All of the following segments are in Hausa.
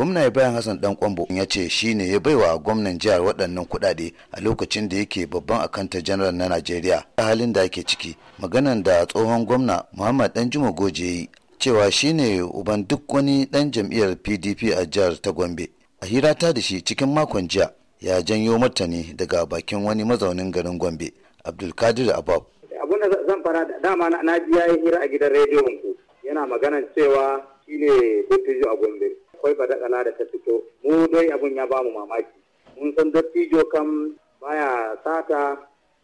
gwamna ya bayan hassan dan kwambo ya ce shi ne ya baiwa gwamnan jihar waɗannan kuɗaɗe a lokacin da yake babban akanta janar na najeriya a halin da ake ciki maganan da tsohon gwamna muhammad dan juma goje yi cewa shi ne uban duk wani dan jam'iyyar pdp a jihar ta gombe a hira ta da shi cikin makon jiya ya janyo martani daga bakin wani mazaunin garin gombe abdulkadir abab abun da zan fara dama na ji ya yi hira a gidan rediyon ku yana maganan cewa shine dattijo a gombe akwai badakala da ta fito mu dai abun ya bamu mamaki mun san dattijo kam baya sata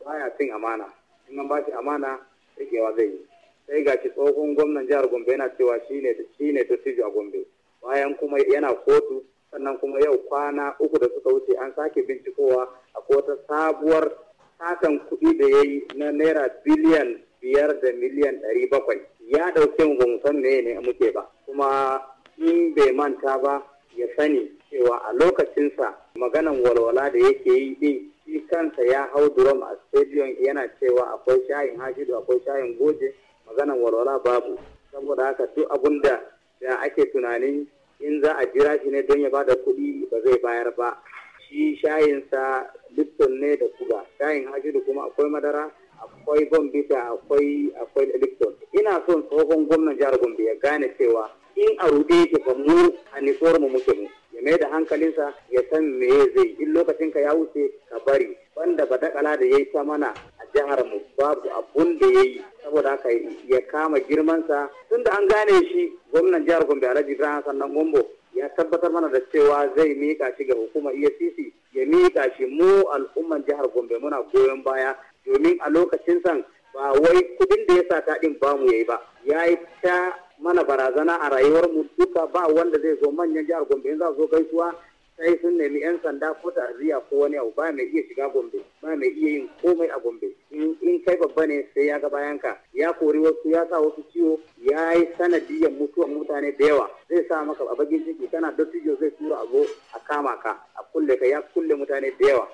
baya cin amana in an ba shi amana rikewa zai yi sai ga shi tsohon gwamnan jihar gombe yana cewa shine shine dattijo a gombe bayan kuma yana kotu sannan kuma yau kwana uku da suka wuce an sake bincikowa a kota sabuwar satan kuɗi da ya yi na naira biliyan biyar da miliyan ɗari bakwai ya ɗauke mu ba mu san ne muke ba kuma in bai manta ba ya sani cewa a lokacinsa maganan walwala da yake yi din shi kansa ya hau durom a stadium yana cewa akwai shayin hajidu akwai shayin goje maganan walwala babu saboda haka duk abun da ake tunanin in za a jira shi ne don ya bada kuɗi ba zai bayar ba shi shayinsa lipton ne da kuga shayin hajidu kuma akwai madara akwai bombita akwai akwai lipton ina son tsohon gwamnan jihar gombe ya gane cewa in a ruɗe yake ba mu a nisuwar mu muke mu ya mai da hankalinsa ya san me zai in lokacin ka ya wuce ka bari banda dakala da ya yi ta mana a jihar mu babu abun da ya yi saboda haka ya kama girmansa tun da an gane shi gwamnan jihar gombe alhaji ibrahim sannan gombo ya tabbatar mana da cewa zai miƙa shi ga hukumar efcc ya miƙa shi mu al'umman jihar gombe muna goyon baya domin a lokacin san ba wai kudin da ya sa ta din bamu yayi ba ya yi ta mana barazana a rayuwar mu duka ba wanda zai zo manyan jihar Gombe in za zo gaisuwa sai sun nemi yan sanda ko tarziya ko wani abu ba mai iya shiga Gombe ba mai iya yin komai a Gombe in kai babba ne sai ya ga bayan ka. ya kori wasu ya sa wasu ciwo ya yi sanadiyar mutuwar mutane da yawa zai sa maka a bakin ciki kana dattijo zai tura a zo a kama ka a kulle ka ya kulle mutane da yawa